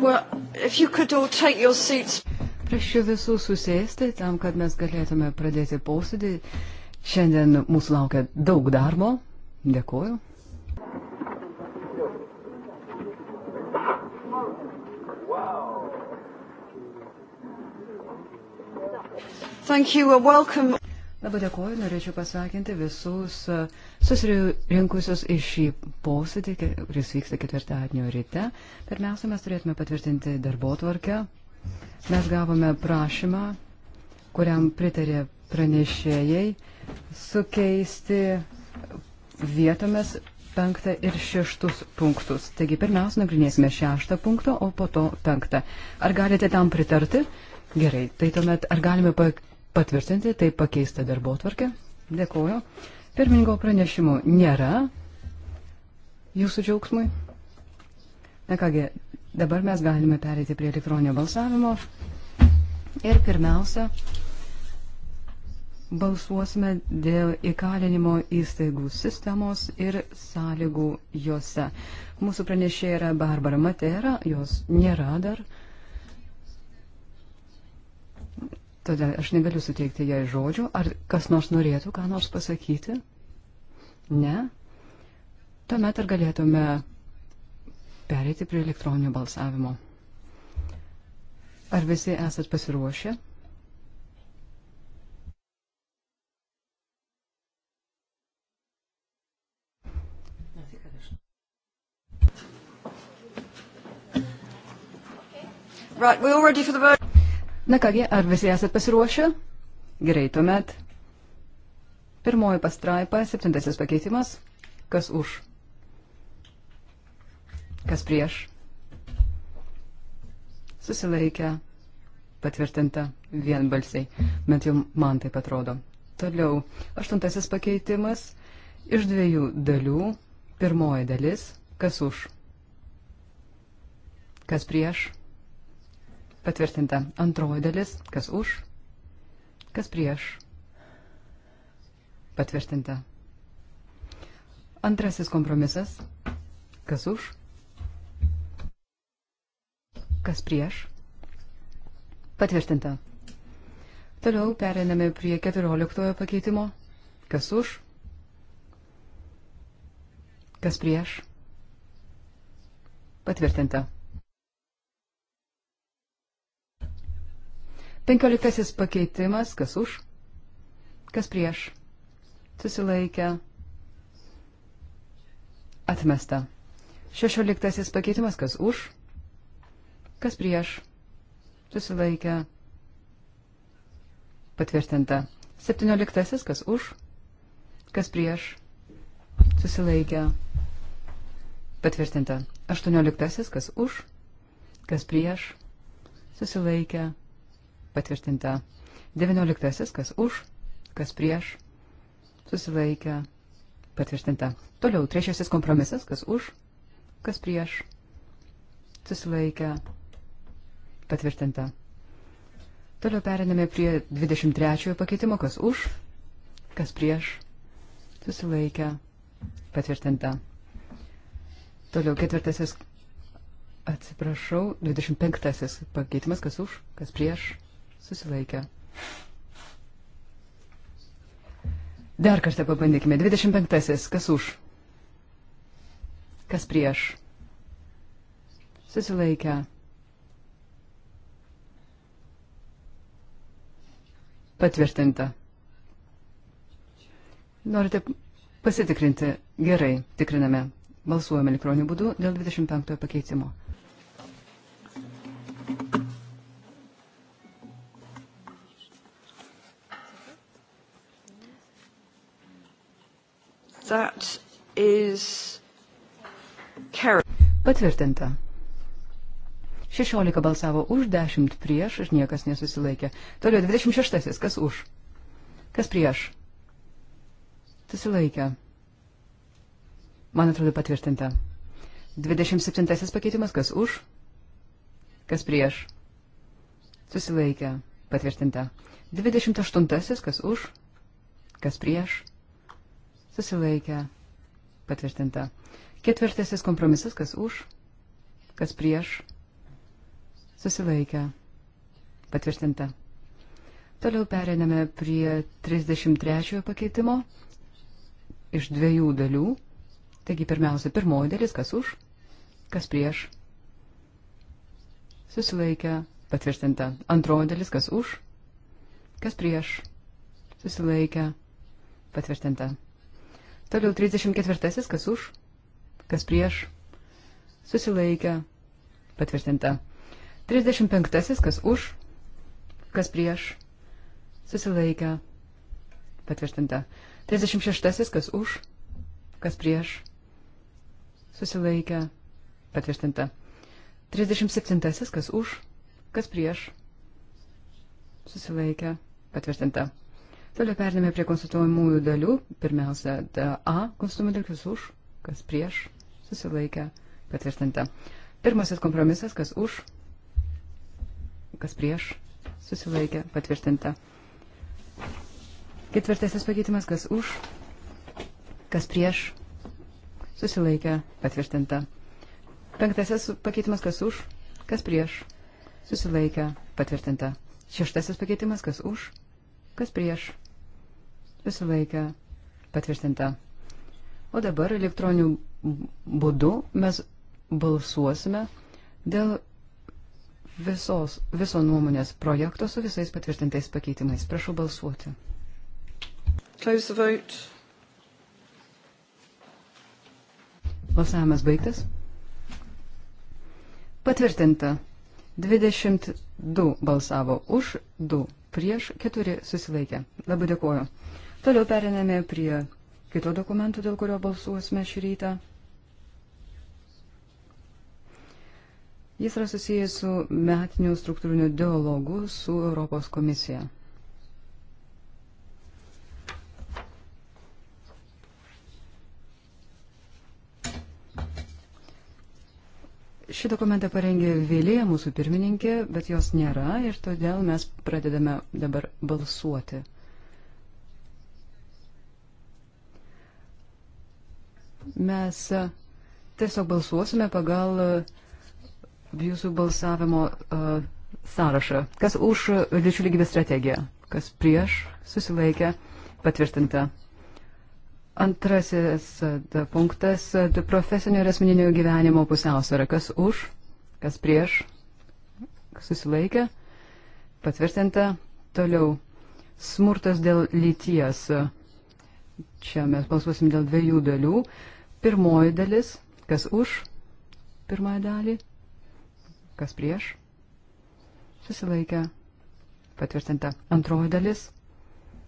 Well, Prašau visų susėsti tam, kad mes galėtume pradėti posėdį. Šiandien mūsų laukia daug darbo. Dėkuoju. Thank you and welcome. Labai dėkuoju, norėčiau pasakinti visus e, susirinkusius iš šį posėdį, kuris vyksta ketvirtadienio ryte. Pirmiausia, mes turėtume patvirtinti darbo tvarkę. Mes gavome prašymą, kuriam pritarė pranešėjai, sukeisti vietomis penktą ir šeštus punktus. Taigi pirmiausia, nagrinėsime šeštą punktą, o po to penktą. Ar galite tam pritarti? Gerai, tai tuomet ar galime patvirtinti, tai pakeisti darbo tvarkę. Dėkuoju. Pirmingo pranešimų nėra jūsų džiaugsmui. Na kągi, dabar mes galime perėti prie elektroninio balsavimo. Ir pirmiausia, balsuosime dėl įkalinimo įstaigų sistemos ir sąlygų juose. Mūsų pranešė yra Barbara Matera, jos nėra dar. Todėl aš negaliu suteikti jai žodžio. Ar kas nors norėtų ką nors pasakyti? Ne? Tuomet ar galėtume pereiti prie elektroninio balsavimo? Ar visi esat pasiruošę? Right, we're all ready for the vote. Na kągi, ar visi esat pasiruošę? Gerai, tuomet. Pirmoji pastraipa, septintasis pakeitimas. Kas už? Kas prieš? Susilaikę. Patvirtinta vienbalsiai. Bent jau man tai atrodo. Toliau. Aštuntasis pakeitimas. Iš dviejų dalių. Pirmoji dalis. Kas už? Kas prieš? Patvirtinta. Antroji dalis. Kas už? Kas prieš? Patvirtinta. Antrasis kompromisas. Kas už? Kas prieš? Patvirtinta. Toliau periname prie 14 pakeitimo. Kas už? Kas prieš? Patvirtinta. Penkioliktasis pakeitimas, kas už, kas prieš, susilaikė, atmesta. Šešioliktasis pakeitimas, kas už, kas prieš, susilaikė, patvirtinta. Septynioliktasis, kas už, kas prieš, susilaikė, patvirtinta. Aštuonioliktasis, kas už, kas prieš, susilaikė, patvirtinta. 19. Kas už, kas prieš, susilaikė, patvirtinta. Toliau, trečiasis kompromisas, kas už, kas prieš, susilaikė, patvirtinta. Toliau periname prie 23 pakeitimo, kas už, kas prieš, susilaikė, patvirtinta. Toliau ketvirtasis, atsiprašau, 25 pakeitimas, kas už, kas prieš, Susilaikė. Dar kartą pabandykime. 25. Kas už? Kas prieš? Susilaikę. Patvirtinta. Norite pasitikrinti? Gerai, tikriname. Balsuojame elektroniniu būdu dėl 25 pakeitimo. That is carried. Patvirtinta. 16 balsavo už, 10 prieš ir niekas nesusilaikė. Toliau 26. Kas už? Kas prieš? Susilaikė. Man atrodo patvirtinta. 27. pakeitimas. Kas už? Kas prieš? Susilaikė. Patvirtinta. 28. Kas už? Kas prieš? susilaikė, patvirtinta. Ketvirtasis kompromisas, kas už, kas prieš, susilaikė, patvirtinta. Toliau pereiname prie 33 pakeitimo iš dviejų dalių. Taigi pirmiausia, pirmoji dalis, kas už, kas prieš, susilaikė, patvirtinta. Antroji dalis, kas už, kas prieš, susilaikė, patvirtinta. Toliau 34. Kas už, kas prieš, susilaikė, patvirtinta. 35. Kas už, kas prieš, susilaikė, patvirtinta. 36. Kas už, kas prieš, susilaikė, patvirtinta. 37. Kas už, kas prieš, susilaikė, patvirtinta. Toliau perdėme prie konstatuojamųjų dalių. Pirmiausia, A konstatuojamų dalių, kas už, kas prieš, susilaikę, patvirtinta. Pirmasis kompromisas, kas už, kas prieš, susilaikė, patvirtinta. Ketvirtasis pakeitimas, kas už, kas prieš, susilaikė, patvirtinta. Penktasis pakeitimas, kas už, kas prieš, susilaikė, patvirtinta. Šeštasis pakeitimas, kas už, Kas prieš? Susilaikė. Patvirtinta. O dabar elektroniniu būdu mes balsuosime dėl visos, viso nuomonės projekto su visais patvirtintais pakeitimais. Prašau balsuoti. Balsavimas baigtas. Patvirtinta. 22 balsavo už, 2 prieš, 4 susilaikė. Labai dėkuoju. Toliau periname prie kito dokumento, dėl kurio balsuosime šį rytą. Jis yra susijęs su metiniu struktūriniu dialogu su Europos komisija. Šį dokumentą parengė Vilija, mūsų pirmininkė, bet jos nėra ir todėl mes pradedame dabar balsuoti. Mes tiesiog balsuosime pagal jūsų balsavimo uh, sąrašą. Kas už lyčių lygybės strategiją, kas prieš susilaikė patvirtinta. Antrasis e, punktas e, - profesinio ir asmeninio gyvenimo pusiausvėra. Kas už, kas prieš, susilaikė, patvirtinta. Toliau - smurtas dėl lyties. Čia mes balsuosim dėl dviejų dalių. Pirmoji dalis - kas už, pirmąją dalį, kas prieš, susilaikė, patvirtinta. Antroji dalis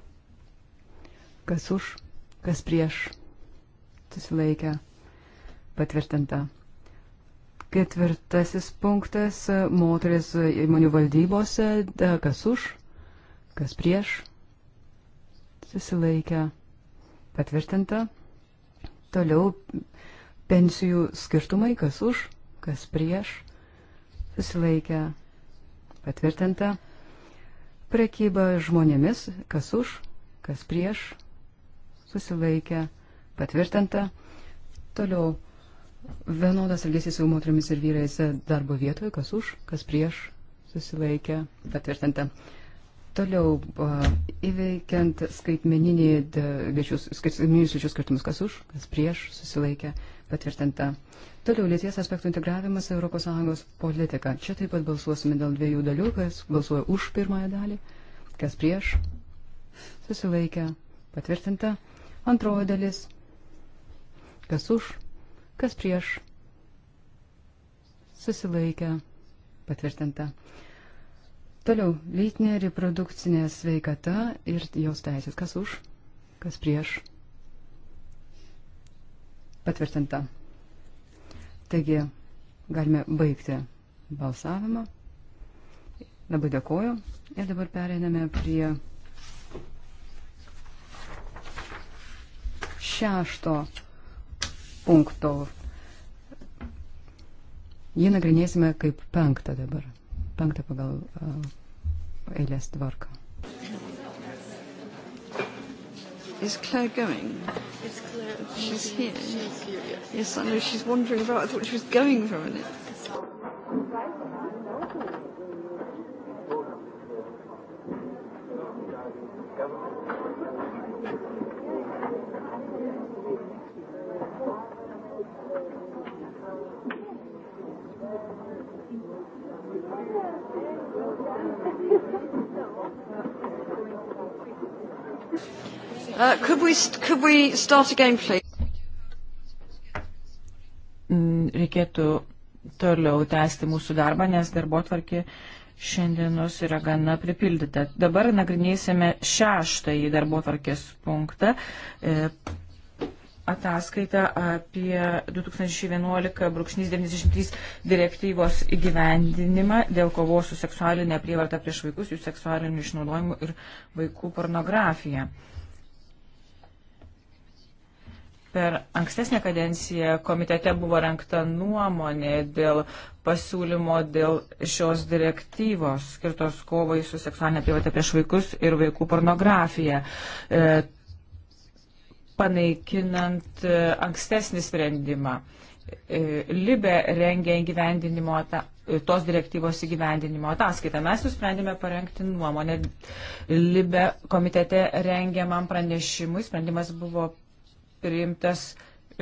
- kas už, kas prieš, susilaikė, patvirtinta. Ketvirtasis punktas - moteris įmonių valdybose, kas už, kas prieš, susilaikė, patvirtinta. Toliau pensijų skirtumai, kas už, kas prieš, susilaikė, patvirtinta. Prekyba žmonėmis, kas už, kas prieš, susilaikė, patvirtinta. Toliau vienodas elgesys su moterimis ir vyrais darbo vietoje, kas už, kas prieš, susilaikė, patvirtinta. Toliau įveikiant skaitmeninį skaitmeninius lyčių skirtumus, kas už, kas prieš, susilaikė, patvirtinta. Toliau lyties aspektų integravimas ES politika. Čia taip pat balsuosime dėl dviejų dalių, kas balsuoja už pirmąją dalį, kas prieš, susilaikė, patvirtinta. Antroji dalis. Kas už, kas prieš. Susilaikę. Patvirtinta. Toliau. Lytinė reprodukcinė sveikata ir jos teisės. Kas už, kas prieš. Patvirtinta. Taigi, galime baigti balsavimą. Labai dėkoju. Ir dabar pereiname prie šešto punkto. Jį nagrinėsime kaip penktą dabar. Penktą pagal uh, eilės tvarką. Is Claire going? Is Claire, she's here. She's here yes. yes, I know she's wandering about. I thought she was going for a minute. Joist, could we start again, please? Mm, reikėtų toliau tęsti mūsų darbą, nes darbo tvarkė šiandienos yra gana pripildyta. Dabar nagrinėsime šeštąjį darbo tvarkės punktą. E, ataskaita apie 2011-93 direktyvos įgyvendinimą dėl kovos su seksualinė prievarta prieš vaikus, jų seksualiniu išnaudojimu ir vaikų pornografija. E, Per ankstesnę kadenciją komitete buvo renkta nuomonė dėl pasiūlymo dėl šios direktyvos skirtos kovai su seksualinė prievarta prieš vaikus ir vaikų pornografija. E, panaikinant e, ankstesnį sprendimą. E, Libė rengia įgyvendinimo ta, e, tos direktyvos įgyvendinimo ataskaitą. Mes nusprendėme parengti nuomonę Libė komitete rengiamam pranešimui. Sprendimas buvo priimtas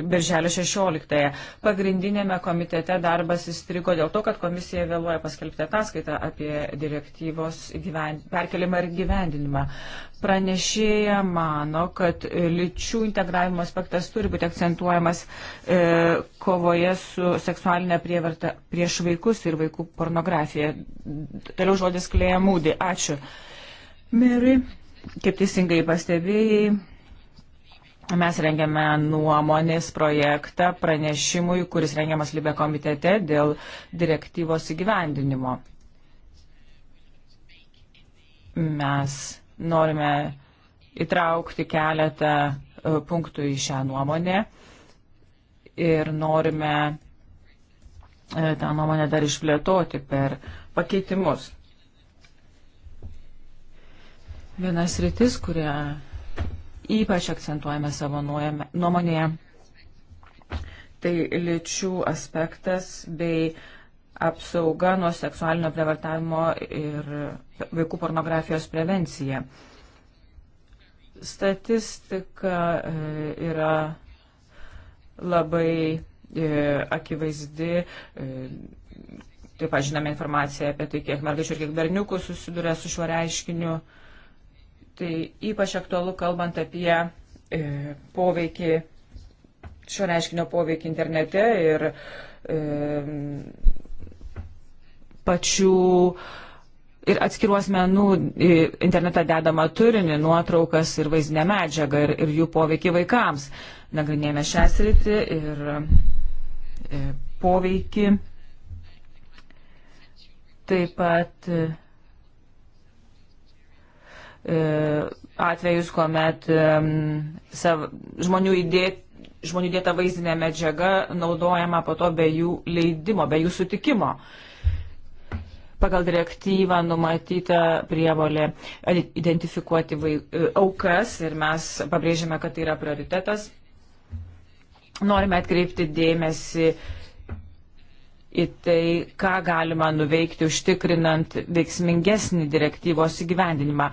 Birželio 16-ąją. Pagrindinėme komitete darbas įstrigo dėl to, kad komisija vėluoja paskelbti ataskaitą apie direktyvos gyven... perkelimą ir gyvendinimą. Pranešėja mano, kad lyčių integravimo aspektas turi būti akcentuojamas e, kovoje su seksualinė prievarta prieš vaikus ir vaikų pornografija. Toliau žodis klėja mūdį. Ačiū. Mary, kaip teisingai pastebėjai Mes rengiame nuomonės projektą pranešimui, kuris rengiamas Libė komitete dėl direktyvos įgyvendinimo. Mes norime įtraukti keletą e, punktų į šią nuomonę ir norime e, tą nuomonę dar išplėtoti per pakeitimus. Vienas rytis, kurią ypač akcentuojame savo nuomonėje. Tai lyčių aspektas bei apsauga nuo seksualinio prievartavimo ir vaikų pornografijos prevencija. Statistika e, yra labai e, akivaizdi. E, taip pat žinome informaciją apie tai, kiek mergaičių ir kiek berniukų susiduria su šiuo reiškiniu. Tai ypač aktualu kalbant apie e, poveikį, šio reiškinio poveikį internete ir e, pačių ir atskirų asmenų internetą dedamą turinį, nuotraukas ir vaizdinę medžiagą ir, ir jų poveikį vaikams. Nagrinėjame šią sritį ir, ir e, poveikį. Taip pat e, E, atvejus, kuomet e, sav, žmonių, įdėt, žmonių dėta vaizdinė medžiaga naudojama po to be jų leidimo, be jų sutikimo. Pagal direktyvą numatyta prievolė identifikuoti vaik, e, aukas ir mes pabrėžėme, kad tai yra prioritetas. Norime atkreipti dėmesį uh, į tai, ką galima nuveikti užtikrinant veiksmingesnį direktyvos įgyvendinimą.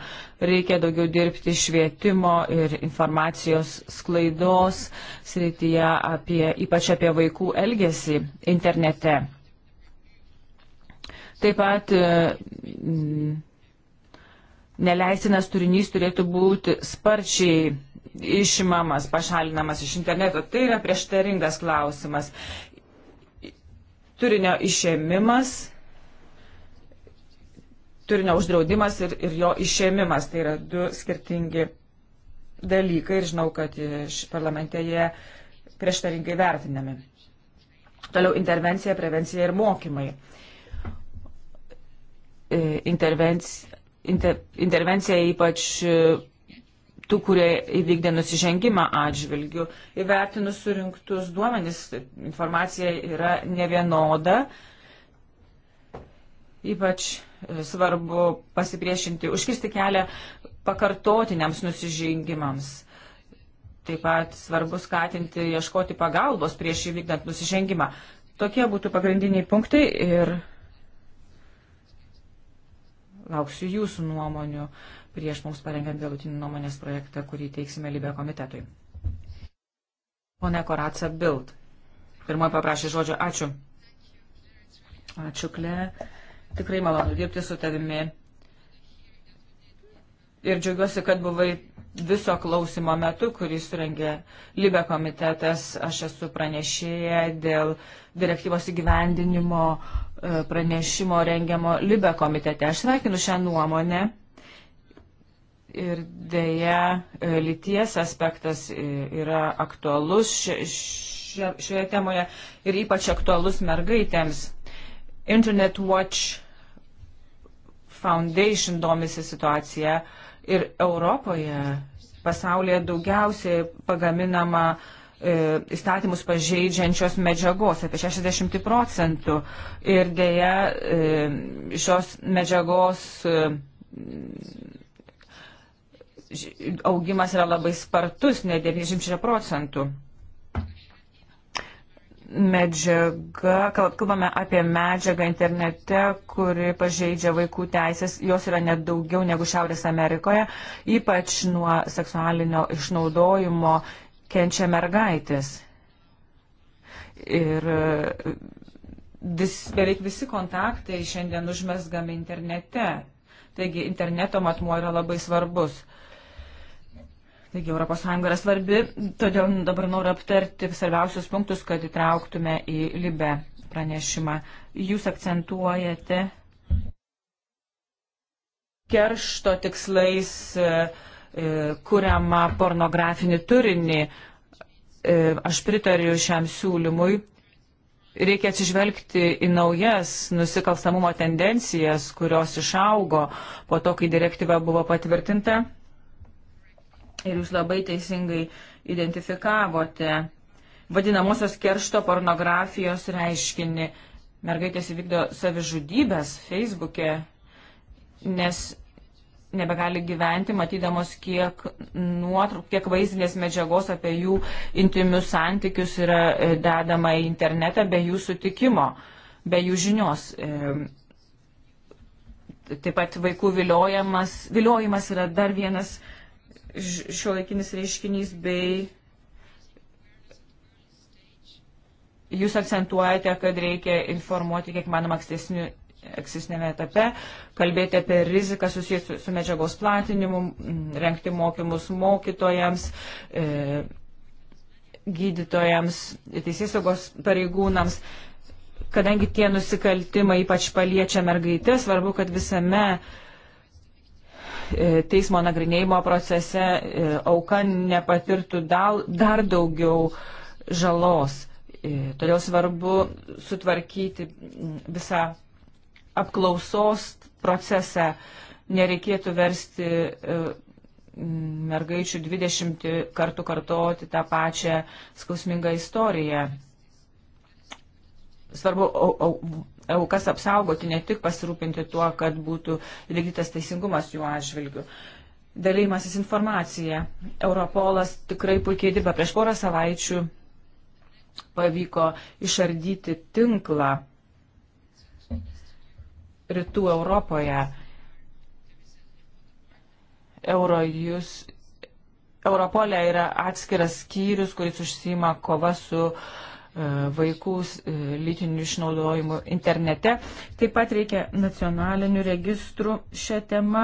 Reikia daugiau dirbti švietimo ir informacijos sklaidos srityje, apie, ypač apie vaikų elgesį internete. Taip pat e, neleistinas turinys turėtų būti sparčiai išimamas, pašalinamas iš interneto. Tai yra prieštaringas klausimas turinio išėmimas, turinio uždraudimas ir, ir jo išėmimas. Tai yra du skirtingi dalykai ir žinau, kad iš parlamente jie prieštaringai vertinami. Toliau intervencija, prevencija ir mokymai. E, intervenc, inter, intervencija ypač tų, kurie įvykdė nusižengimą atžvilgių. Įvertinus surinktus duomenis, informacija yra nevienoda. Ypač e, svarbu pasipriešinti, užkirsti kelią pakartotiniams nusižengimams. Taip pat svarbu skatinti ieškoti pagalbos prieš įvykdant nusižengimą. Tokie būtų pagrindiniai punktai ir lauksiu jūsų nuomonių prieš mums parengiant galutinį nuomonės projektą, kurį teiksime Libė komitetui. Pone Koratsa Bild. Pirmoji paprašė žodžio ačiū. Ačiū, Kle. Tikrai malonu dirbti su tavimi. Ir džiaugiuosi, kad buvai viso klausimo metu, kurį surengė Libe komitetas. Aš esu pranešėję dėl direktyvos įgyvendinimo e, pranešimo rengiamo Libe komitete. Aš sveikinu šią nuomonę Ir dėja, e, lyties aspektas e, yra aktualus šioje temoje ir ypač aktualus mergaitėms. Internet Watch Foundation domisi situacija ir Europoje, pasaulyje daugiausiai pagaminama e, įstatymus pažeidžiančios medžiagos, apie 60 procentų. Ir dėja, e, šios medžiagos e, augimas yra labai spartus, ne 90 procentų. Medžiaga, kalbame apie medžiagą internete, kuri pažeidžia vaikų teisės, jos yra net daugiau negu Šiaurės Amerikoje, ypač nuo seksualinio išnaudojimo kenčia mergaitės. Ir vis, beveik visi kontaktai šiandien užmesgami internete. Taigi interneto matmuo yra labai svarbus. Taigi ES yra svarbi, todėl dabar noriu aptarti svarbiausius punktus, kad įtrauktume į Libę pranešimą. Jūs akcentuojate keršto tikslais e, e, kuriamą pornografinį turinį. E, aš pritariu šiam siūlymui. Reikia atsižvelgti į naujas nusikalstamumo tendencijas, kurios išaugo po to, kai direktyva buvo patvirtinta ir jūs labai teisingai identifikavote vadinamosios keršto pornografijos reiškinį. Mergaitės įvykdo savižudybės feisbuke, nes nebegali gyventi, matydamos, kiek nuotrauk, kiek vaizdinės medžiagos apie jų intimius santykius yra e, dedama į internetą be jų sutikimo, be jų žinios. E, taip pat vaikų viliojimas, viliojimas yra dar vienas šio laikinis reiškinys bei jūs akcentuojate, kad reikia informuoti kiek manoma ankstesnių ankstesnėme etape, kalbėti apie riziką susijęs su, su medžiagos platinimu, renkti mokymus mokytojams, e, gydytojams, teisėsaugos pareigūnams. Kadangi tie nusikaltimai ypač paliečia mergaitės, svarbu, kad visame e, E, teismo nagrinėjimo procese e, auka nepatirtų dar daugiau žalos. E, todėl svarbu sutvarkyti visą apklausos procesą. Nereikėtų versti mergaičių 20 kartų kartoti tą pačią skausmingą istoriją. Svarbu aukas apsaugoti, ne tik pasirūpinti tuo, kad būtų įvykdytas teisingumas jų atžvilgių. Dalymasis informacija. Europolas tikrai puikiai dirba. Prieš porą savaičių pavyko išardyti tinklą rytų Europoje. Eurojus Europolė yra atskiras skyrius, kuris užsima kova su E, vaikų e, lytinių išnaudojimų internete. Taip pat reikia nacionalinių registrų šią temą.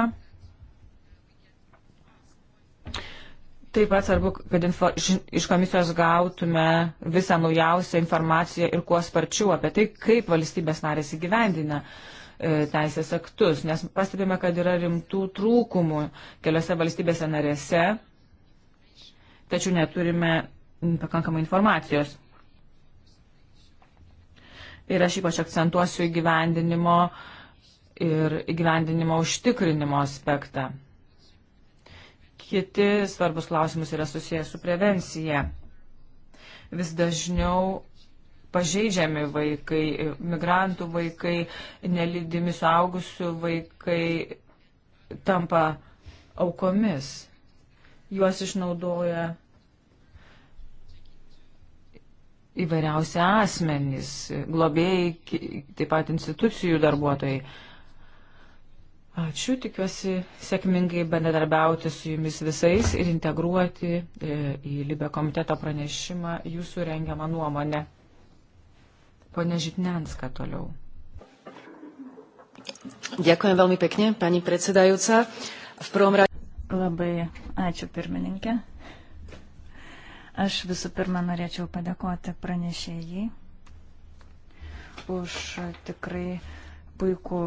Taip pat svarbu, kad info, iš komisijos gautume visą naujausią informaciją ir kuo sparčiau apie tai, kaip valstybės narės įgyvendina e, teisės aktus, nes pastebime, kad yra rimtų trūkumų keliose valstybėse narėse, tačiau neturime pakankamai informacijos ir aš ypač akcentuosiu įgyvendinimo ir įgyvendinimo užtikrinimo aspektą. Kiti svarbus klausimus yra susijęs su prevencija. Vis dažniau pažeidžiami vaikai, migrantų vaikai, nelydimi suaugusių vaikai tampa aukomis. Juos išnaudoja įvairiausi asmenys, globėjai, taip pat institucijų darbuotojai. Ačiū, tikiuosi sėkmingai bendradarbiauti su jumis visais ir integruoti e, į Libę komiteto pranešimą jūsų rengiamą nuomonę. Pone Žitnenska toliau. Ďakujem veľmi pekne, pani predsedajúca. V prvom rade. Labai ačiū pirmininkė. Aš visų pirma norėčiau padėkoti pranešėjai už tikrai puikų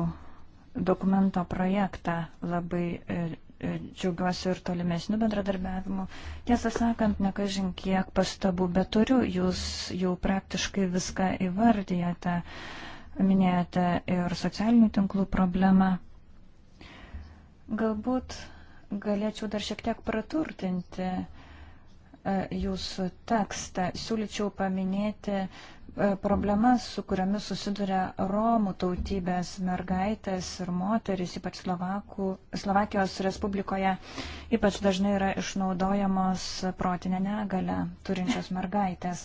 dokumento projektą. Labai e, e, džiaugiuosi ir tolimesnių bendradarbiavimų. Tiesą sakant, nekažin kiek pastabų, bet turiu, jūs jau praktiškai viską įvardyjate, minėjote ir socialinių tinklų problemą. Galbūt galėčiau dar šiek tiek praturtinti E, jūsų tekstą. Siūlyčiau paminėti e, problemas, su kuriamis susiduria Romų tautybės mergaitės ir moteris, ypač Slovakų, Slovakijos Respublikoje, ypač dažnai yra išnaudojamos protinę negalę turinčios mergaitės.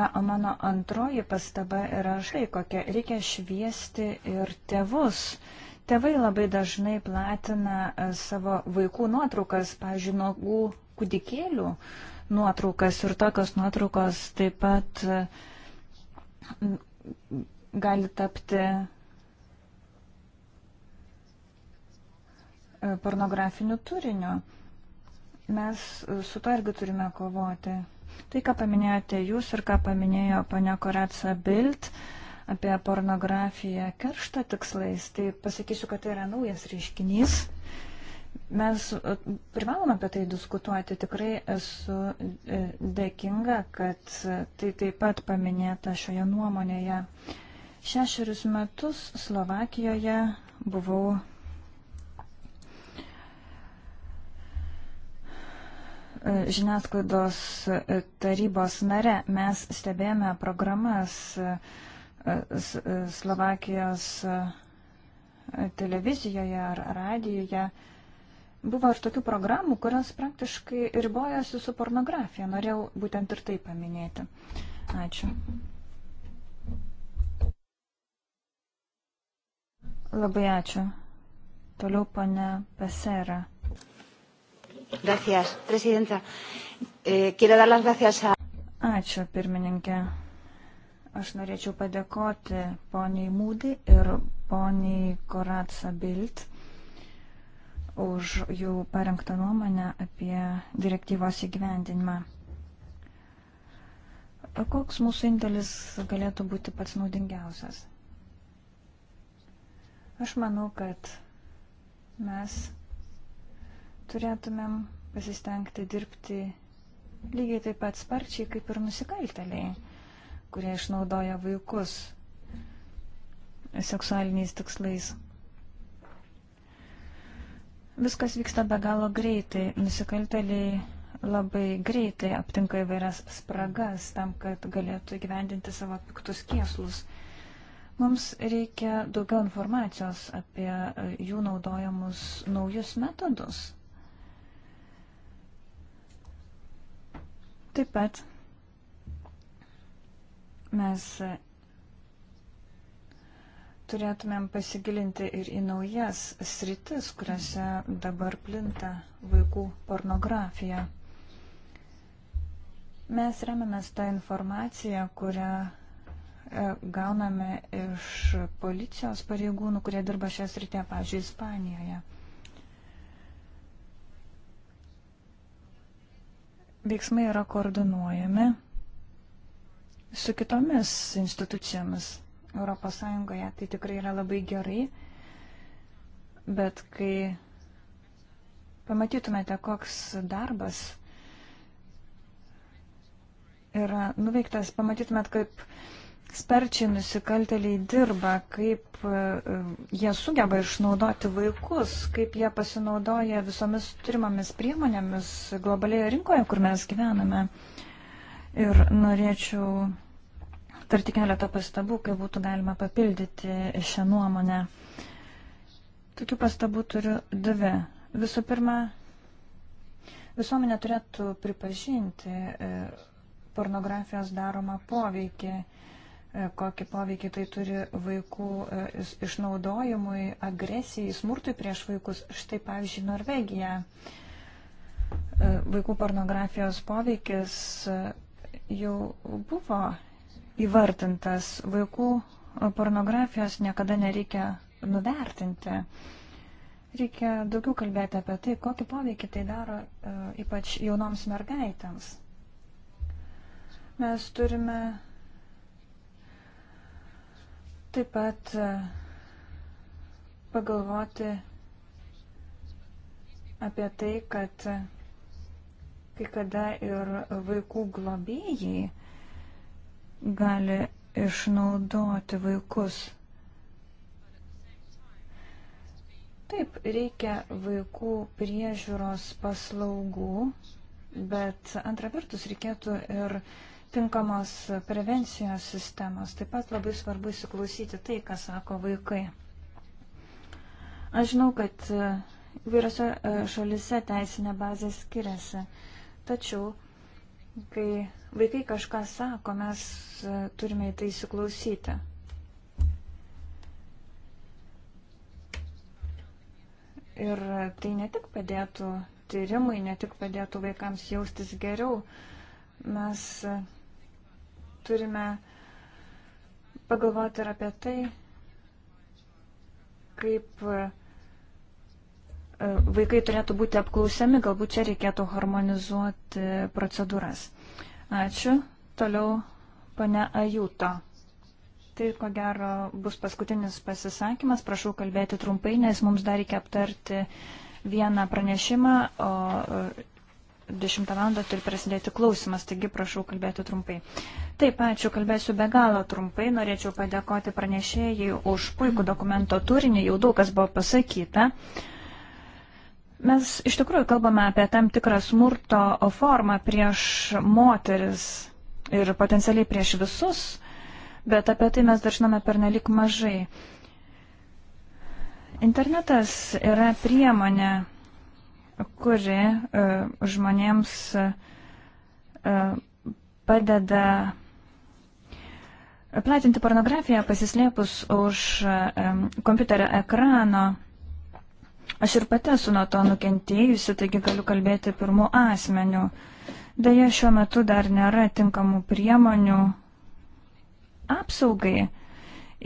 Na, o mano antroji pastaba yra štai kokia. Reikia šviesti ir tėvus. Tėvai labai dažnai platina e, savo vaikų nuotraukas, pavyzdžiui, nuogų kūdikėlių nuotraukas ir tokios nuotraukos taip pat mm, gali tapti e, pornografiniu turiniu. Mes su to irgi turime kovoti. Tai, ką paminėjote jūs ir ką paminėjo ponia Koratsa Bild apie pornografiją keršto tikslais, tai pasakysiu, kad tai yra naujas reiškinys. Uh, Mes e, privalome apie tai diskutuoti. Tikrai esu e, dėkinga, kad e, tai taip pat paminėta šioje nuomonėje. Šešerius metus Slovakijoje buvau žiniasklaidos tarybos nare. Mes stebėjome programas Slovakijos televizijoje ar radijoje. Buvo ir tokių programų, kurios praktiškai ribojasi su pornografija. Norėjau būtent ir tai paminėti. Ačiū. Labai ačiū. Toliau pane Pesera. Gracias, presidenta. Eh, quiero dar las gracias a. Ačiū, pirmininkė. Aš norėčiau padėkoti poniai Mūdį ir poniai Koratsa Bilt už jų parengtą nuomonę apie direktyvos įgyvendinimą. Koks mūsų indėlis galėtų būti pats naudingiausias? Aš manau, kad mes turėtumėm pasistengti dirbti lygiai taip pat sparčiai kaip ir nusikalteliai, kurie išnaudoja vaikus seksualiniais tikslais. Viskas vyksta be galo greitai. Nusikalteliai labai greitai aptinka įvairias spragas tam, kad galėtų gyvendinti savo piktus kieslus. Mums reikia daugiau informacijos apie e, jų naudojamus naujus metodus. Taip pat mes e, turėtumėm pasigilinti ir į naujas sritis, kuriuose dabar plinta vaikų pornografija. Mes remiamės tą informaciją, kurią e, gauname iš policijos pareigūnų, kurie dirba šią sritę, pavyzdžiui, Ispanijoje. Veiksmai yra koordinuojami su kitomis institucijomis ES. Tai tikrai yra labai gerai. Bet kai pamatytumėte, koks darbas yra nuveiktas, pamatytumėt, kaip sparčiai nusikalteliai dirba, kaip e, jie sugeba išnaudoti vaikus, kaip jie pasinaudoja visomis turimomis priemonėmis globalioje rinkoje, kur mes gyvename. Ir norėčiau tarti keletą pastabų, kai būtų galima papildyti šią nuomonę. Tokių pastabų turiu dvi. Visų pirma, visuomenė turėtų pripažinti e, pornografijos daromą poveikį, e, kokį poveikį tai turi vaikų e, išnaudojimui, agresijai, smurtui prieš vaikus. Štai pavyzdžiui, Norvegija. Vaikų pornografijos poveikis jau buvo įvardintas. Vaikų pornografijos niekada nereikia nuvertinti. Reikia daugiau kalbėti apie tai, kokį poveikį tai daro e, ypač jaunoms mergaitėms. Mes turime taip pat e, pagalvoti apie tai, kad e, kai kada ir vaikų globėjai gali išnaudoti vaikus. Taip, reikia vaikų priežiūros paslaugų, bet antra vertus reikėtų ir tinkamos prevencijos sistemos. Taip pat labai svarbu įsiklausyti tai, ką sako vaikai. Aš žinau, kad įvairiose e, šalise teisinė bazė skiriasi, tačiau Kai vaikai kažką sako, mes e, turime į tai įsiklausyti. Ir tai ne tik padėtų tyrimui, ne tik padėtų vaikams jaustis geriau, mes e, turime pagalvoti ir apie tai, kaip e, vaikai turėtų būti apklausiami, galbūt čia reikėtų harmonizuoti procedūras. Ačiū. Toliau pane Ajuto. Tai ko gero bus paskutinis pasisakymas. Prašau kalbėti trumpai, nes mums dar reikia aptarti vieną pranešimą, o 10 e, val. turi prasidėti klausimas, taigi prašau kalbėti trumpai. Taip, ačiū, kalbėsiu be galo trumpai. Norėčiau padėkoti pranešėjai už puikų dokumento turinį, jau daug kas buvo pasakyta. Uh, Mes iš tikrųjų kalbame apie tam tikrą smurto formą prieš moteris ir potencialiai prieš visus, bet apie tai mes dar žinome pernelik mažai. Internetas yra priemonė, kuri uh, žmonėms uh, padeda platinti pornografiją pasislėpus už um, kompiuterio ekrano Aš ir pati esu nuo to nukentėjusi, taigi galiu kalbėti pirmų asmenių. Deja, šiuo metu dar nėra tinkamų priemonių apsaugai,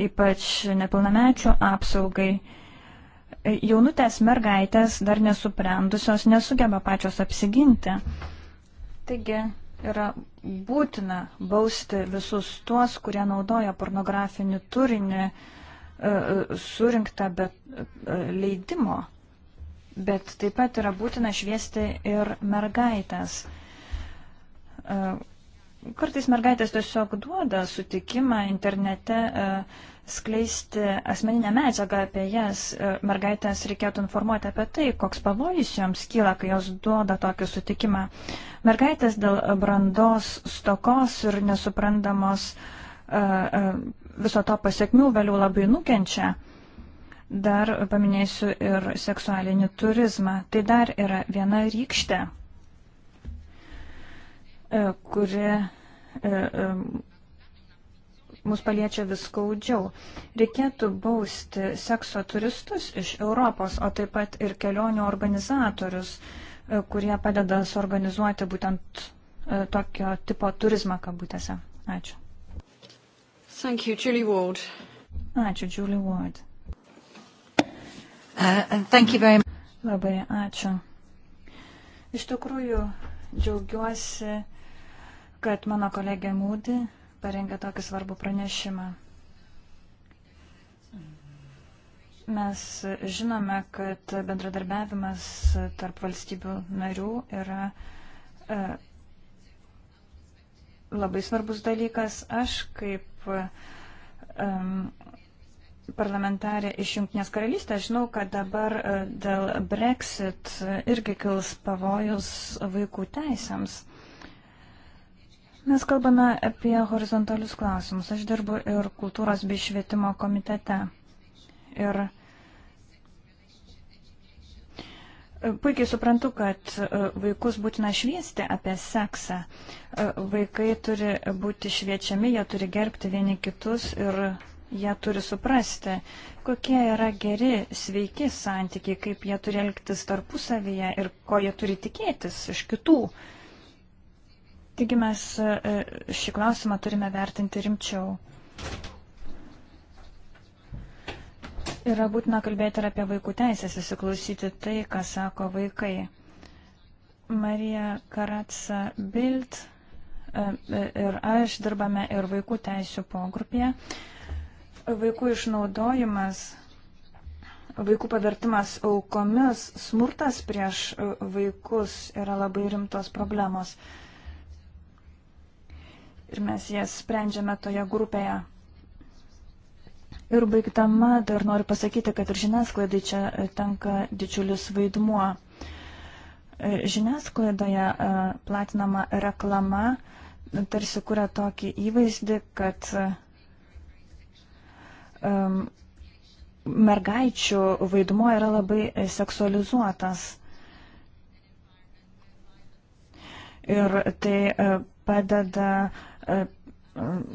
ypač nepilnamečio apsaugai. Jaunutės mergaitės dar nesuprendusios nesugeba pačios apsiginti. Taigi yra būtina bausti visus tuos, kurie naudoja pornografinį turinį E, surinkta be e, leidimo, bet taip pat yra būtina šviesti ir mergaitės. E, kartais mergaitės tiesiog duoda sutikimą internete skleisti asmeninę medžiagą apie jas. Mergaitės reikėtų informuoti apie tai, koks pavojus joms kyla, kai jos duoda tokį sutikimą. Mergaitės dėl brandos stokos ir nesuprantamos viso to pasiekmių vėliau labai nukenčia. Dar paminėsiu ir seksualinį turizmą. Tai dar yra viena rykštė, e, kuri e, e, mus paliečia vis skaudžiau. Reikėtų bausti sekso turistus iš Europos, o taip pat ir kelionių organizatorius, kurie padeda suorganizuoti būtent tokio tipo turizmą kabutėse. Ačiū. Thank you, Julie Ward. Ačiū, Julie Ward. Uh, thank you very much. Labai ačiū. Iš tikrųjų, džiaugiuosi, kad mano kolegė Mūdi parengė tokį svarbų pranešimą. Mes žinome, kad bendradarbiavimas tarp valstybių narių yra e, labai svarbus dalykas. Aš kaip kaip um, parlamentarė iš Junktinės karalystės, žinau, kad dabar e, dėl Brexit e, irgi kils pavojus vaikų teisėms. Mes kalbame apie horizontalius klausimus. Aš dirbu ir kultūros bei švietimo komitete. Ir uh, Puikiai suprantu, kad e, vaikus būtina šviesti apie seksą. E, vaikai turi būti šviečiami, jie turi gerbti vieni kitus ir jie turi suprasti, kokie yra geri, sveiki santykiai, kaip jie turi elgtis tarpusavyje ir ko jie turi tikėtis iš kitų. Taigi mes e, šį klausimą turime vertinti rimčiau. Yra būtina kalbėti ir apie vaikų teisės, įsiklausyti tai, ką sako vaikai. Marija Karatsa Bild e, e, ir aš dirbame ir vaikų teisų pogrupėje. Vaikų išnaudojimas, vaikų pavertimas aukomis, smurtas prieš e, vaikus yra labai rimtos problemos. Ir mes jas sprendžiame toje grupėje. Ir baigdama dar noriu pasakyti, kad ir žiniasklaidai čia e, tenka didžiulis vaidmuo. E, žiniasklaidoje e, platinama reklama tarsi kuria tokį įvaizdį, kad um, mergaičių vaidmuo yra labai seksualizuotas. Ir tai padeda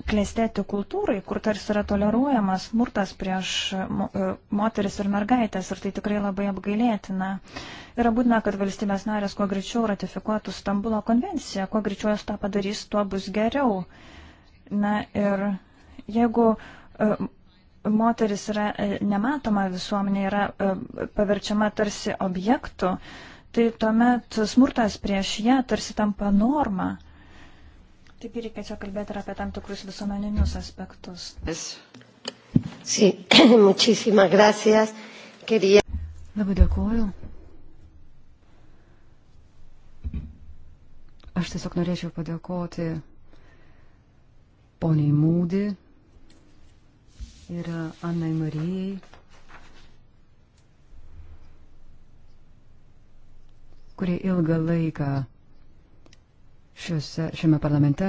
klėstėti kultūrai, kur tarsi yra toleruojamas smurtas prieš e, moteris ir mergaitės ir tai tikrai labai apgailėtina. Yra būtina, kad valstybės narės kuo greičiau ratifikuotų Stambulo konvenciją, kuo greičiau jos tą padarys, tuo bus geriau. Na ir jeigu e, moteris yra e, nematoma visuomenė, yra paverčiama tarsi objektų, tai tuomet smurtas prieš ją tarsi tampa norma. Taip ir reikia čia kalbėti ir apie tam tikrus visuomeninius aspektus. Sí, muchísimas gracias. Quería... Labai dėkuoju. Aš tiesiog norėčiau padėkoti poniai Mūdi ir Annai Marijai. kurie ilgą laiką šiuose, šiame parlamente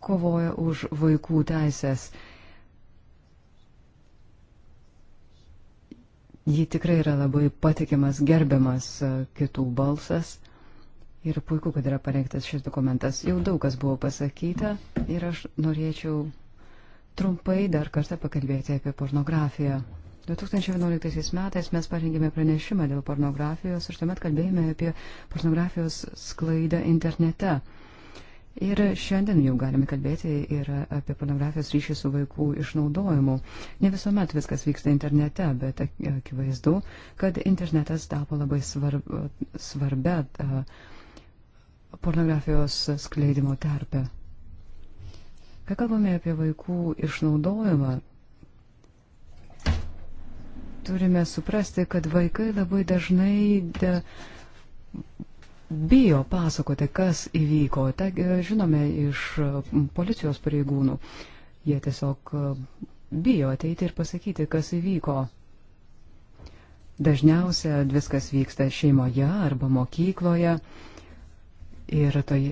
kovoja už vaikų teisės. Ji tikrai yra labai patikimas, gerbiamas e, kitų balsas. Ir puiku, kad yra parengtas šis dokumentas. Jau daug kas buvo pasakyta ir aš norėčiau trumpai dar kartą pakalbėti apie pornografiją. 2011 metais mes parengėme pranešimą dėl pornografijos ir tuomet kalbėjome apie pornografijos sklaidą internete. Ir šiandien jau galime kalbėti ir apie pornografijos ryšį su vaikų išnaudojimu. Ne visuomet viskas vyksta internete, bet akivaizdu, kad internetas tapo labai svarb, svarbia pornografijos skleidimo terpė. Kai kalbame apie vaikų išnaudojimą, turime suprasti, kad vaikai labai dažnai de, bijo pasakoti, kas įvyko. Ta e, žinome iš e, policijos pareigūnų. Jie tiesiog e, bijo ateiti ir pasakyti, kas įvyko. Dažniausia viskas vyksta šeimoje arba mokykloje ir tai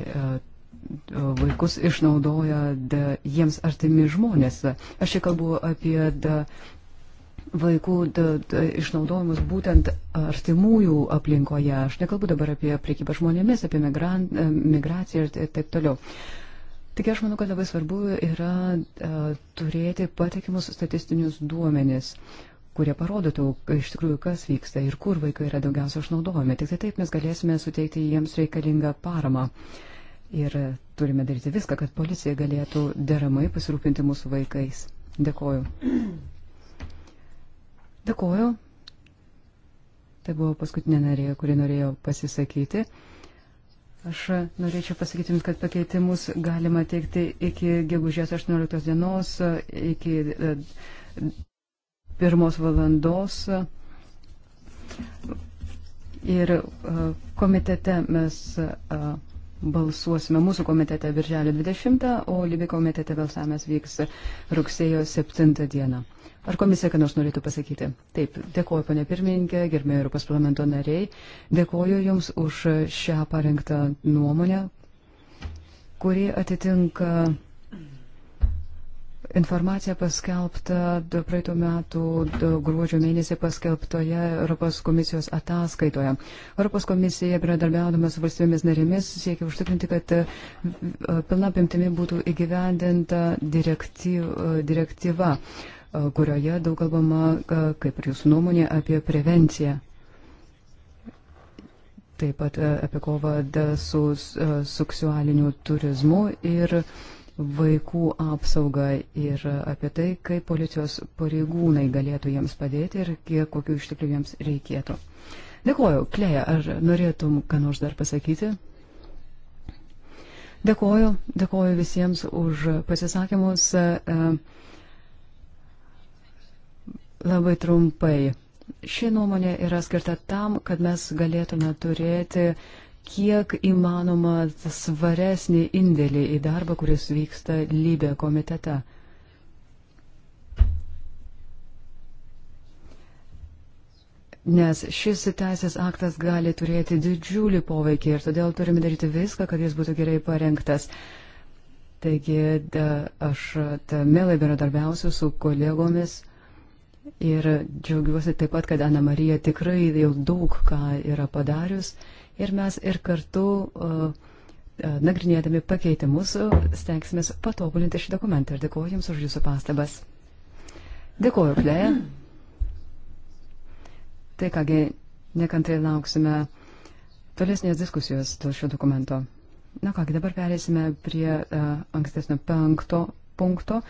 vaikus išnaudoja da, jiems artimi žmonės. Aš čia kalbu apie da, vaikų išnaudojimus būtent artimųjų aplinkoje. Aš nekalbu dabar apie priekybą žmonėmis, apie migran, e, migraciją ir taip toliau. Tik aš manau, kad labai svarbu yra a, e, turėti patikimus statistinius duomenis, kurie parodytų iš tikrųjų, kas vyksta ir kur vaikai yra daugiausia išnaudojami. Tik tai taip mes galėsime suteikti jiems reikalingą paramą. Ir turime daryti viską, kad policija galėtų deramai pasirūpinti mūsų vaikais. Dėkoju. Dėkuoju. Tai buvo paskutinė narė, kuri norėjo pasisakyti. Aš norėčiau pasakyti Jums, kad pakeitimus galima teikti iki gegužės 18 dienos, iki e, pirmos valandos. Ir e, komitete mes e, balsuosime mūsų komitete birželio 20, o Libi komitete balsavimas vyks rugsėjo 7 dieną. Ar komisija, ką nors norėtų pasakyti? Taip, dėkoju, ponė pirmininkė, gerbėjai Europos parlamento nariai, dėkoju Jums už šią parengtą nuomonę, kuri atitinka Informacija paskelbta praeitų metų gruodžio mėnesį paskelbtoje Europos komisijos ataskaitoje. Europos komisija, bendradarbiaudama su valstybėmis narėmis, siekia užtikrinti, kad e, pilna pimtimi būtų įgyvendinta direktyv, direktyva, e, kurioje daug kalbama, e, kaip ir jūsų nuomonė, apie prevenciją. Taip pat apie kovą su seksualiniu turizmu ir uh, vaikų apsaugą ir apie tai, kaip policijos pareigūnai galėtų jiems padėti ir kiek kokių išteklių jiems reikėtų. Dėkoju. Kleja, ar norėtum ką nors dar pasakyti? Dėkoju. Dėkoju visiems už pasisakymus. Labai trumpai. Ši nuomonė yra skirta tam, kad mes galėtume turėti uh, kiek įmanoma svaresnį indėlį į darbą, kuris vyksta lybė komitete. Nes šis teisės aktas gali turėti didžiulį poveikį ir todėl turime daryti viską, kad jis būtų gerai parengtas. Taigi da, aš da, mielai bendradarbiausiu su kolegomis ir džiaugiuosi taip pat, kad Ana Marija tikrai jau daug ką yra padarius ir mes ir kartu e, nagrinėdami pakeitimus stengsimės patobulinti šį dokumentą ir dėkuoju Jums už Jūsų pastabas. Dėkuoju, Klėja. Tai kągi, nekantrai lauksime tolesnės diskusijos dėl šio dokumento. Na kągi, dabar perėsime prie uh, ankstesnio penkto punkto.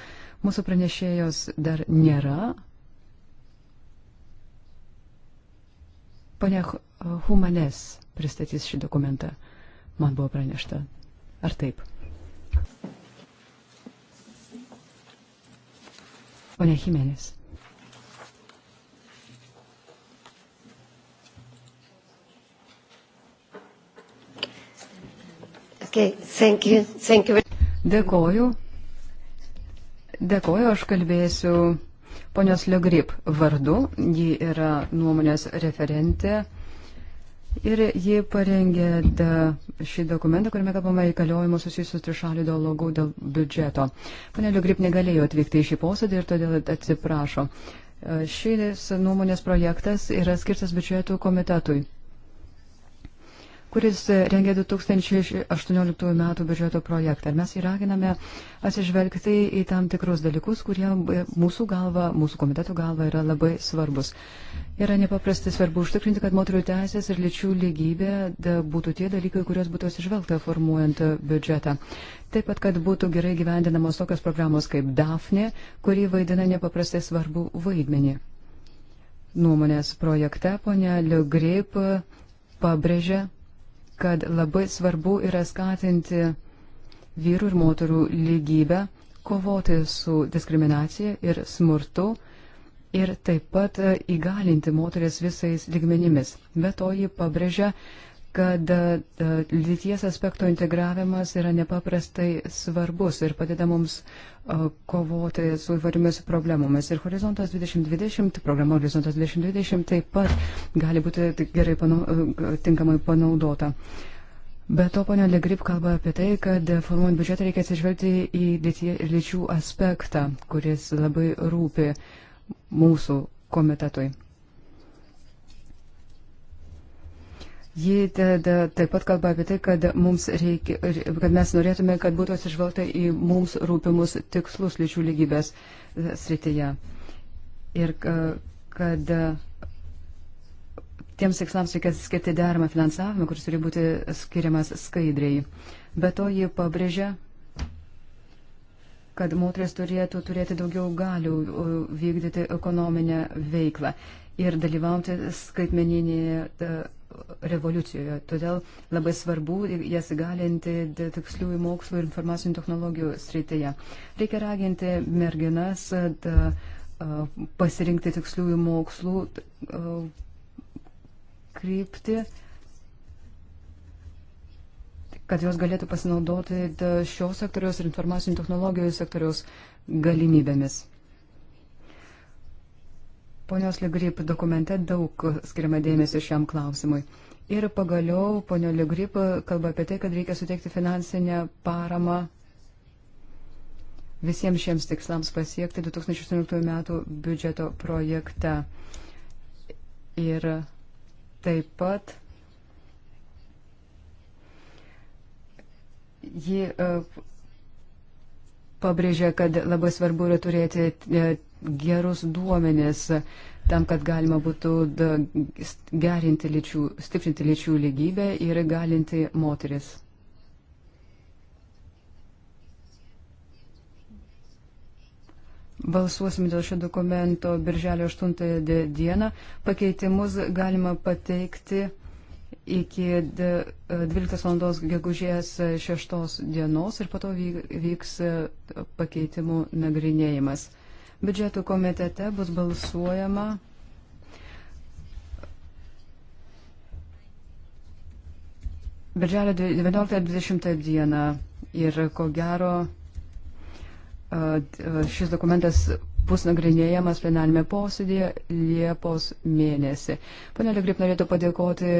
Mūsų pranešėjos dar nėra. Pane Humanes pristatys šį dokumentą. Man buvo pranešta. Ar taip? Pone Jimenez. Okay, thank you. Thank you. Dėkoju. Dėkoju, aš kalbėsiu ponios Legrip vardu. Ji yra nuomonės referentė Ir ji parengė da, šį dokumentą, kuriame kalbama įgaliojimo susijusius trišalių dialogų dėl biudžeto. Panelio Grip negalėjo atvykti į šį posėdį ir todėl atsiprašo. Šis nuomonės projektas yra skirtas biudžetų komitetui kuris rengia 2018 m. biudžeto projektą. Ir mes jį raginame atsižvelgti į tam tikrus dalykus, kurie mūsų galva, mūsų komiteto galva yra labai svarbus. Yra nepaprastai svarbu užtikrinti, kad moterių teisės ir lyčių lygybė būtų tie dalykai, kurios būtų atsižvelgta formuojant biudžetą. Taip pat, kad būtų gerai gyvendinamos tokios programos kaip DAFNE, kuri vaidina nepaprastai svarbu vaidmenį nuomonės projekte ponia Liugrip pabrėžė, kad labai svarbu yra skatinti vyrų ir moterų lygybę, kovoti su diskriminacija ir smurtu ir taip pat e, įgalinti moteris visais lygmenimis. Be to ji pabrėžia, kad e, lyties aspekto integravimas yra nepaprastai svarbus ir padeda mums e, kovoti su įvairiomis problemomis. Ir Horizontas 2020, programa Horizontas 2020 taip pat gali būti gerai panau, e, tinkamai panaudota. Be to, ponia Legrip kalba apie tai, kad formuojant biudžetą reikia atsižvelgti į lyčių aspektą, kuris labai rūpi mūsų komitetui. Ji tada, taip pat kalba apie tai, kad, reikia, kad mes norėtume, kad būtų atsižvelgta į mums rūpimus tikslus lyčių lygybės srityje. Ir kad tiems tikslams reikia skirti deramą finansavimą, kuris turi būti skiriamas skaidriai. Be to ji pabrėžia, kad moteris turėtų turėti daugiau galių vykdyti ekonominę veiklą ir dalyvauti skaitmeninėje revoliucijoje. Todėl labai svarbu jas įgalinti tiksliųjų mokslo ir informacinių technologijų srityje. Reikia raginti merginas da, pasirinkti tiksliųjų mokslų krypti kad jos galėtų pasinaudoti šios sektoriaus ir informacinių technologijų sektoriaus galimybėmis. Ponios Ligrip dokumente daug skiriama dėmesio šiam klausimui. Ir pagaliau ponio Ligrip kalba apie tai, kad reikia suteikti finansinę paramą visiems šiems tikslams pasiekti 2018 metų biudžeto projekte. Ir taip pat ji e, pabrėžė, kad labai svarbu yra turėti e, gerus duomenis tam, kad galima būtų gerinti lyčių, stiprinti lyčių lygybę ir galinti moteris. Balsuosime dėl šio dokumento birželio 8 dieną. Pakeitimus galima pateikti iki 12 val. gegužės 6 dienos ir po to vyks e, pakeitimų nagrinėjimas. Biudžeto komitete bus balsuojama Birželio 19-20 dieną ir ko gero šis dokumentas bus nagrinėjamas plenarime posėdėje Liepos mėnesį. Pane Legrip norėtų padėkoti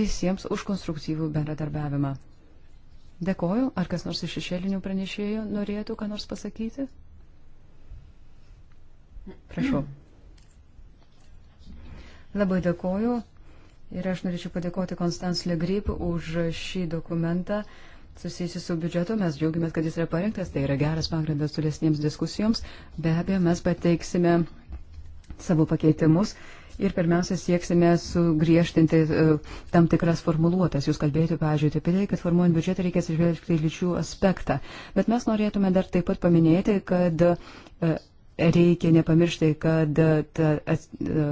visiems už konstruktyvų bendradarbiavimą. Dėkoju, ar kas nors iš šešėlinių pranešėjų norėtų ką nors pasakyti? Prašau. Labai dėkoju ir aš norėčiau padėkoti Konstans Legrip už šį dokumentą susijusi su biudžetu. Mes džiaugiamės, kad jis yra parengtas, tai yra geras pagrindas tolesniems diskusijoms. Be abejo, mes pateiksime savo pakeitimus ir pirmiausia sieksime sugriežtinti uh, tam tikras formuluotas. Jūs kalbėjote, pavyzdžiui, apie tai, kad formuojant biudžetą reikės išvelgti lyčių aspektą. Bet mes norėtume dar taip pat paminėti, kad uh, reikia nepamiršti, kad e, ta, at, e,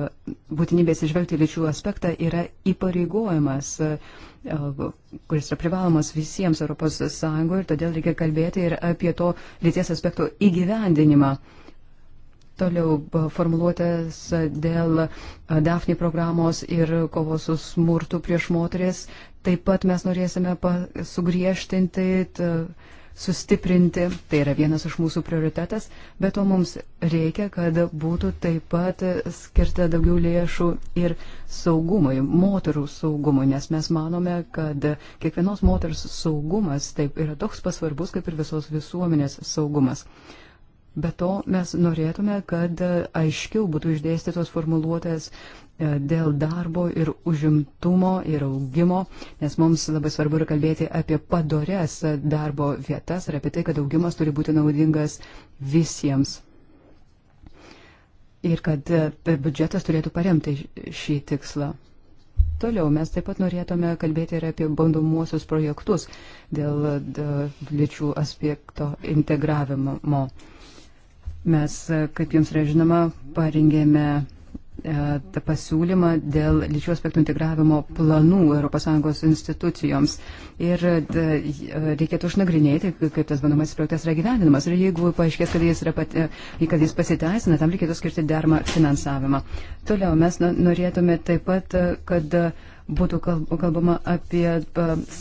būtinybės išvelgti lyčių aspektą yra įpareigojimas, e, kuris yra privalomas visiems ES ir todėl reikia kalbėti ir apie to lyties aspekto įgyvendinimą. Toliau formuluotės dėl DAFNI programos ir kovos su smurtu prieš moteris. Taip pat mes norėsime sugriežtinti. Ta, sustiprinti, tai yra vienas iš mūsų prioritetas, bet to mums reikia, kad būtų taip pat skirta daugiau lėšų ir saugumui, moterų saugumui, nes mes manome, kad kiekvienos moters saugumas taip yra toks pasvarbus, kaip ir visos visuomenės saugumas. Be to mes norėtume, kad aiškiau būtų išdėstytos formuluotės E, dėl darbo ir užimtumo ir augimo, nes mums labai svarbu yra kalbėti apie padorės darbo vietas ir apie tai, kad augimas turi būti naudingas visiems. Ir kad e, biudžetas turėtų paremti šį tikslą. Toliau mes taip pat norėtume kalbėti ir apie bandomuosius projektus dėl lyčių aspekto integravimo. Mes, e, kaip jums yra žinoma, parengėme E, pasiūlymą dėl lyčių aspektų integravimo planų ES institucijoms. Ir e, reikėtų išnagrinėti, kaip tas bandomasis projektas yra gyvenimas. Ir jeigu paaiškės, kad jis, pat, e, kad jis pasiteisina, tam reikėtų skirti dermą finansavimą. Toliau mes norėtume taip pat, kad būtų kalbama apie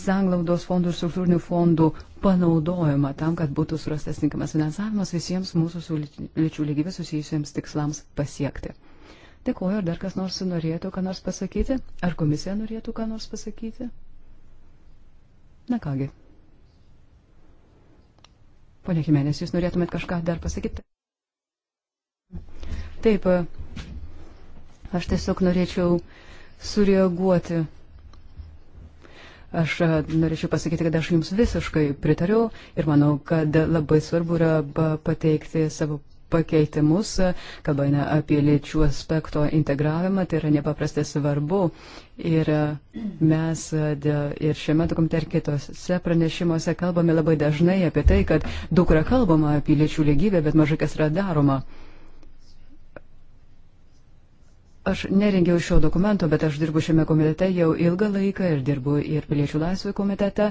sanglaudos fondų ir struktūrinių fondų panaudojimą tam, kad būtų surastas tinkamas finansavimas visiems mūsų su lyčių lygybė susijusiems tikslams pasiekti. Dėkuoju, ar dar kas nors norėtų ką nors pasakyti? Ar komisija norėtų ką nors pasakyti? Na kągi. Pone Jimenez, jūs norėtumėt kažką dar pasakyti? Taip, aš tiesiog norėčiau sureaguoti. Aš e, norėčiau pasakyti, kad aš jums visiškai pritariu ir manau, kad labai svarbu yra pateikti savo pakeitimus, kalbame apie lyčių aspekto integravimą, tai yra nepaprastai svarbu. Ir e, mes e, ir šiame dokumente ir kitose pranešimuose kalbame labai dažnai apie tai, kad daug yra kalbama apie lyčių lygybę, bet mažai kas yra daroma. Aš nerengiau šio dokumento, bet aš dirbu šiame komitete jau ilgą laiką ir dirbu ir piliečių laisvių komitete.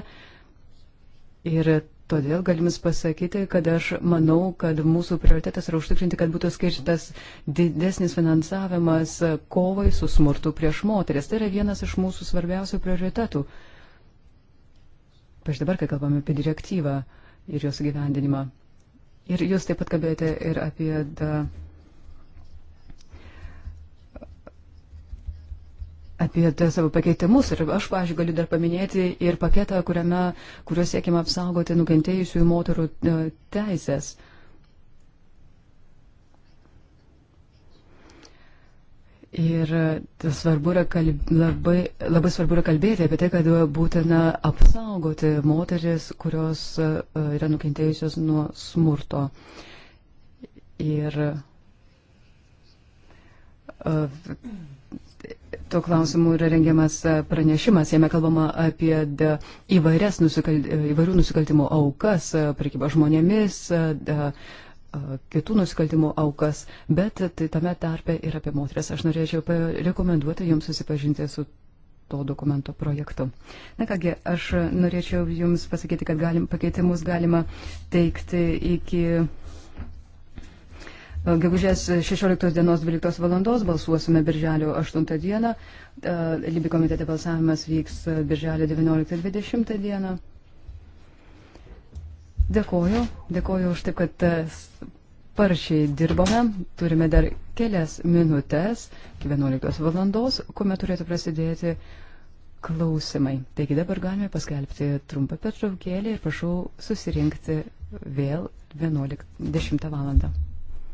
Ir Todėl galim jums pasakyti, kad aš manau, kad mūsų prioritetas yra užtikrinti, kad būtų skirtas didesnis finansavimas kovai su smurtu prieš moteris. Tai yra vienas iš mūsų svarbiausių prioritetų. Paž dabar, kai kalbame apie direktyvą ir jos gyvendinimą. Ir jūs taip pat kalbėjote ir apie da, apie savo pakeitimus. Ir aš, pažiūrėjau, galiu dar paminėti ir paketą, kuriame, kuriuo siekime apsaugoti nukentėjusių moterų e, teisės. Ir svarbu yra kalb... labai, labai svarbu yra kalbėti apie tai, kad būtina apsaugoti moteris, kurios e, yra nukentėjusios nuo smurto. Ir e, tuo klausimu yra rengiamas e, pranešimas. Jame kalbama apie e, įvairias nusikalt, e, įvairių nusikaltimų aukas, prekybą žmonėmis, kitų nusikaltimų aukas, bet tai tame tarpe ir apie moteris. Aš norėčiau rekomenduoti jums susipažinti su to dokumento projektu. Na kągi, aš norėčiau jums pasakyti, kad galim, pakeitimus galima teikti iki Gegužės 16 dienos 12 valandos balsuosime birželio 8 dieną. E, Libi komitete balsavimas vyks birželio 19-20 dieną. Dėkoju, dėkoju už taip, kad e, sparčiai dirbome. Turime dar kelias minutės iki 11 valandos, kuomet turėtų prasidėti klausimai. Taigi dabar galime paskelbti trumpą pertraukėlį ir prašau susirinkti vėl 11.10 valandą.